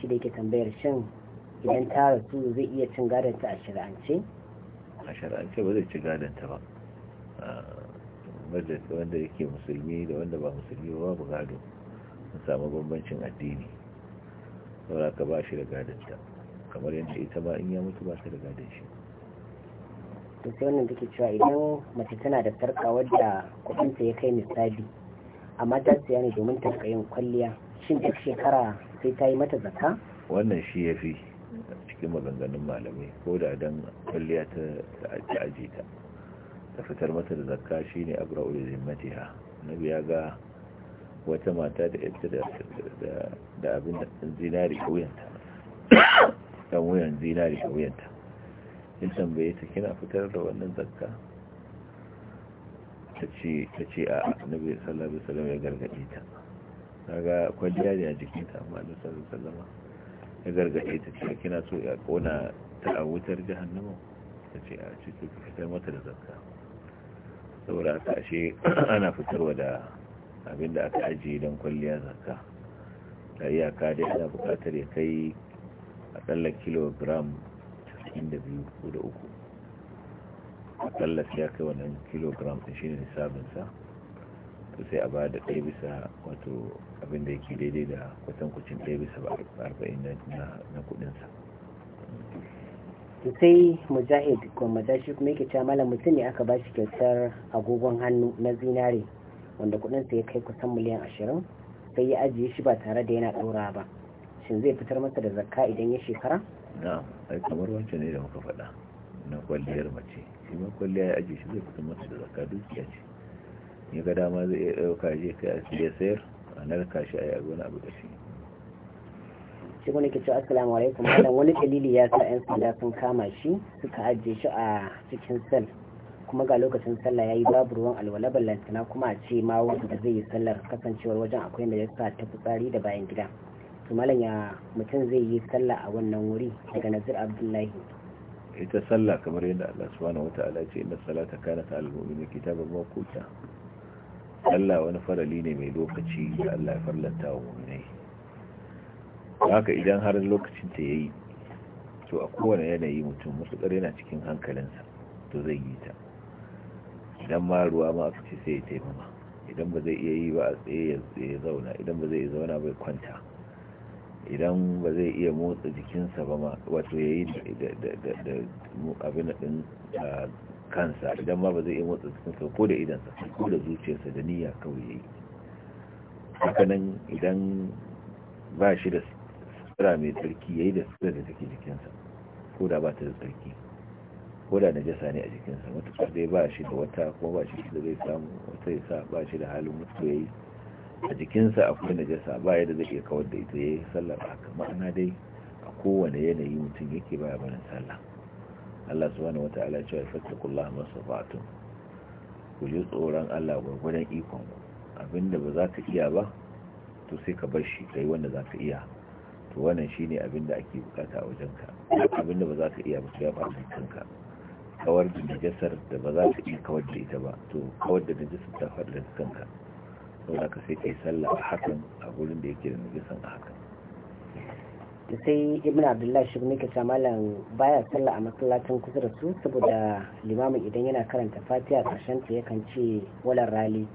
shi da yake tambayar shin idan ta rasu zai iya cin gadanta a shari'ance? a shari'ance ba zai ci gadanta ba ah, wanda yake musulmi da wanda ba musulmi ba babu gado sun samu bambancin addini saboda ka ba shi da gadanta kamar yadda ita ba in ya mutu ba ta da gadanta shi to sai wannan take cewa idan mace tana da sarka wadda kudinta ya kai misali amma ta siya ne domin ta yin kwalliya shin duk shekara sai ta yi mata zakka wannan shi ya fi cikin maganganun malamai ko da dan kwalliya ta ajiye aji ta ta fitar mata da zakka shine abra'u da ha. nabi ya ga wata mata da ita da abin zinari ta wuyanta wuyanta in tambaye ta kina fitar da wannan zakka ta ce a nabi sallallahu alaihi wasallam ya gargaɗe ta kaga kwajiya ne a ta amma da sallallahu alaihi wasallam ya gargaɗe ta ce kina so ya kona ta a wutar jahannama ta ce a ce ta fitar mata da zakka saboda ta ashe ana fitarwa da abinda aka ajiye don kwalliya zakka da iyaka dai ana buƙatar ya kai akalla kilogram a da ya kai wannan kilogram ɗin ne nisabinsa to sai a ba da ɗaya bisa wato abin da yake daidai da kwatankwacin ɗaya bisa arba'in na kuɗinsa sai mujahid ko majashi kuma yake cewa malam mutum ne aka bashi kyautar agogon hannu na zinare wanda kuɗinsa ya kai kusan miliyan ashirin sai ya ajiye shi ba tare da yana ɗaura ba shin zai fitar masa da zakka idan ya shekara na ai kamar wancan ne da muka faɗa na kwalliyar mace shi ma kwalliya ya ajiye shi zai fito masu da zaka dukiya ce ya ga dama zai iya ɗauka je kai a sayar a narka shi a yi wani abu da shi shi wani nake cewa asalamu alaikum wannan wani dalili ya sa yan sanda sun kama shi suka ajiye shi a cikin sel kuma ga lokacin sallah ya yi babu ruwan alwala ballantana kuma a ce ma wanda zai yi sallar kasancewar wajen akwai da ya sa ta fitsari da bayan gida malam ya mutum zai yi sallah a wannan wuri daga nazir abdullahi ita sallah kamar yadda Allah subhanahu wata'ala ce inda salata kanat al-mu'minu kitaban mawquta sallah wani farali ne mai lokaci da Allah ya farlanta wa mu'mini haka idan har lokacin ta yayi to a kowane yanayi mutum mutukar yana cikin hankalinsa to zai yi ta idan ma ruwa ma aka ce sai ya taimama idan ba zai iya yi ba a tsaye ya zauna idan ba zai iya zauna bai kwanta idan ba zai iya motsa jikinsa ba ma wato ya yi da abin ɗin kansa idan ma ba zai iya motsa jikinsa ko da idansa ko da zuciyarsa da niyya kawai ya yi hakanan idan ba shi da sutura mai tsarki ya yi da sutura da take jikinsa ko da ba ta da tsarki ko da najasa ne a jikinsa matuƙar dai ba shi da wata kuma ba shi da zai samu wata ya sa ba shi da halin mutu ya yi a jikinsa akwai najasa ba yadda zai iya kawar da ita ya yi sallar haka ma'ana dai a kowane yanayi mutum yake baya barin sallar Allah wani wa ala cewa masu fatun ku ji tsoron Allah gwargwadon ikon ku abinda ba za ka iya ba to sai ka bar shi yi wanda za ka iya to wannan shine abinda ake bukata a wajenka abinda ba za ka iya ba to ya faɗi kanka kawar da najasar da ba za ka iya kawar da ita ba to kawar da najasar ta faɗi kanka saboda ka sai ka yi sallah a hakan a gurin da yake da najisan a hakan da sai ibn abdullahi shi ne ka malam baya sallah a masallacin kusa da su saboda limamin idan yana karanta fatiha karshen ta yakan ce walar rali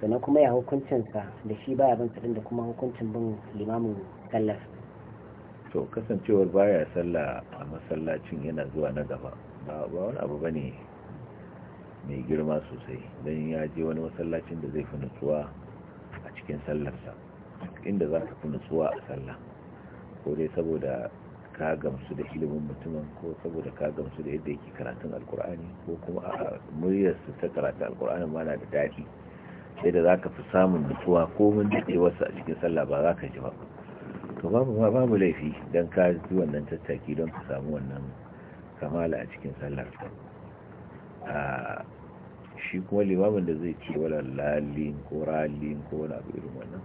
sannan kuma ya hukuncinsa da shi baya bin sadin da kuma hukuncin bin limamin sallar to kasancewar baya sallah a masallacin yana zuwa na gaba ba wani abu bane mai girma sosai don ya je wani masallacin da zai fi nutsuwa a cikin sallarsa inda za ka fi nutsuwa a sallah ko dai saboda ka gamsu da ilimin mutumin ko saboda ka gamsu da yadda yake karatun alkur'ani ko kuma a muryarsa ta karatu alkur'ani ma na da daɗi sai da za ka fi samun nutsuwa ko mun daɗe wasu a cikin sallah ba za ka ji ba to babu ma babu laifi don ka ji wannan tattaki don ka samu wannan kamala a cikin sallar shi kuma limamin da zai ce wala lalin ko ralin ko wani abu irin wannan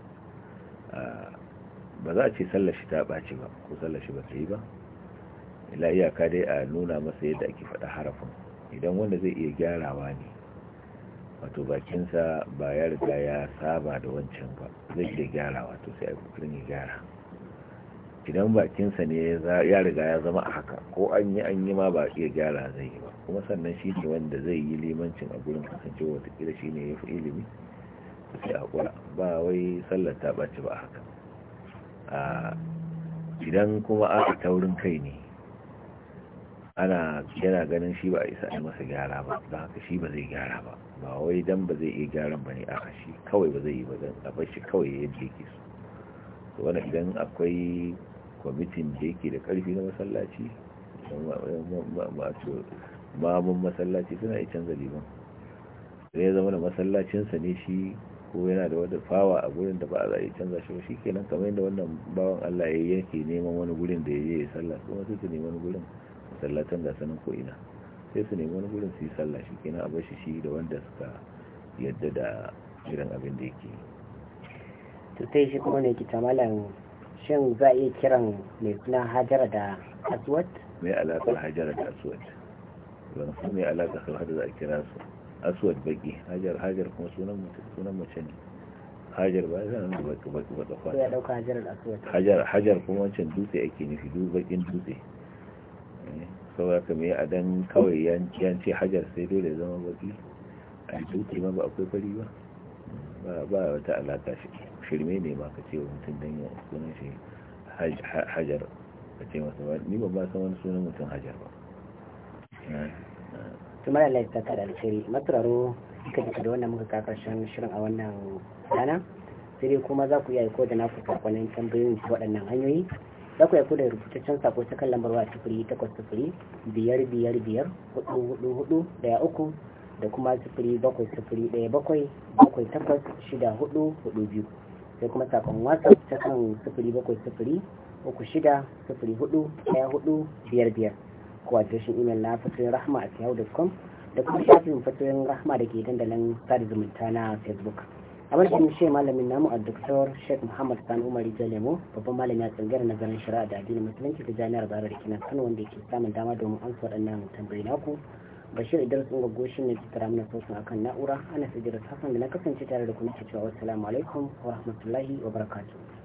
ba za a ce sallashi ta ɓaci ba ko sallashi ba ta yi ba ila iyaka dai a nuna masa yadda ake faɗa harafin idan wanda zai iya gyarawa ne wato bakinsa ba ya riga ya saba da wancan ba zai iya gyarawa to sai a yi ya gyara idan bakinsa ne ya riga ya zama a haka ko an yi an yi ma ba iya gyara zai yi ba kuma sannan shi ne wanda zai yi limancin a gurin kasance watakila shi ne ya fi ilimi sai haƙura ba wai sallar ta ɓace ba haka idan kuma aka taurin kai ne ana yana ganin shi ba a isa an masa gyara ba don haka shi ba zai gyara ba ba wai dan ba zai iya gyaran ba ne a shi kawai ba zai yi ba don a bar shi kawai yadda yake so wani idan akwai kwamitin da yake da karfi na masallaci masu mamun masallaci suna yi canza liman da ya zama da masallacinsa ne shi ko yana da wata fawa a gurin da ba a zai canza shi shi ke nan kamar yadda wannan bawan Allah ya yake neman wani gurin da ya yi ya sallah ko sai su nemi wani gurin masallatan da sanin ko ina sai su nemi wani gurin su yi sallah shi ke a bar shi shi da wanda suka yadda da irin abin da yake to sai shi kuma ne ki ta malam shin za a iya kiran mai suna hajara da aswad mai alaƙar hajara da aswad ba su mai alaƙa sau da za a kira su aswad baki hajar hajar kuma sunan mace ne hajar ba zan nan baki baki ba tsafa ya dauka hajar da aswad hajar hajar kuma wancan dutse ake nufi duk bakin dutse eh, saboda ka mai adan kawai yanci hajar sai dole zama baki a dutse ma ba akwai fari ba hmm, ba wata alaƙa shi shirme ne ba ka ce wa mutum don yi sunan shi hajar ka ce masu ba ni ba san wani sunan mutum hajar ba kuma da laifin tattar da alkhairi maturaro suka jika da wannan muka kakashin shirin a wannan rana sai kuma za ku yi aiko da naku sakonin tambayoyin su waɗannan hanyoyi za ku aiko da rubutaccen sako ta kan lambar wa sufuri takwas sufuri biyar biyar biyar hudu hudu hudu daya uku da kuma sufuri bakwai sufuri daya bakwai bakwai takwas shida hudu hudu biyu sai kuma sakon whatsapp ta kan sufuri bakwai sufuri uku shida sufuri hudu daya hudu biyar biyar ko adireshin imel na fatoyin rahma a com da kuma shafin fatoyin rahma da ke dandalin sada zumunta na facebook a madadin shi malamin namu a doktor sheikh muhammad sani umar ija lemo babban malami a tsangar nazarin shari'a da addinin musulunci ta jami'ar bayar da kinan kano wanda ke samun dama domin amsa waɗannan tambayi naku bashir idan sun gaggo shi ne tattara mana sosun akan na'ura ana sajira hassan da na kasance tare da kuma cewa wasu alaikum wa rahmatullahi wa barakatuh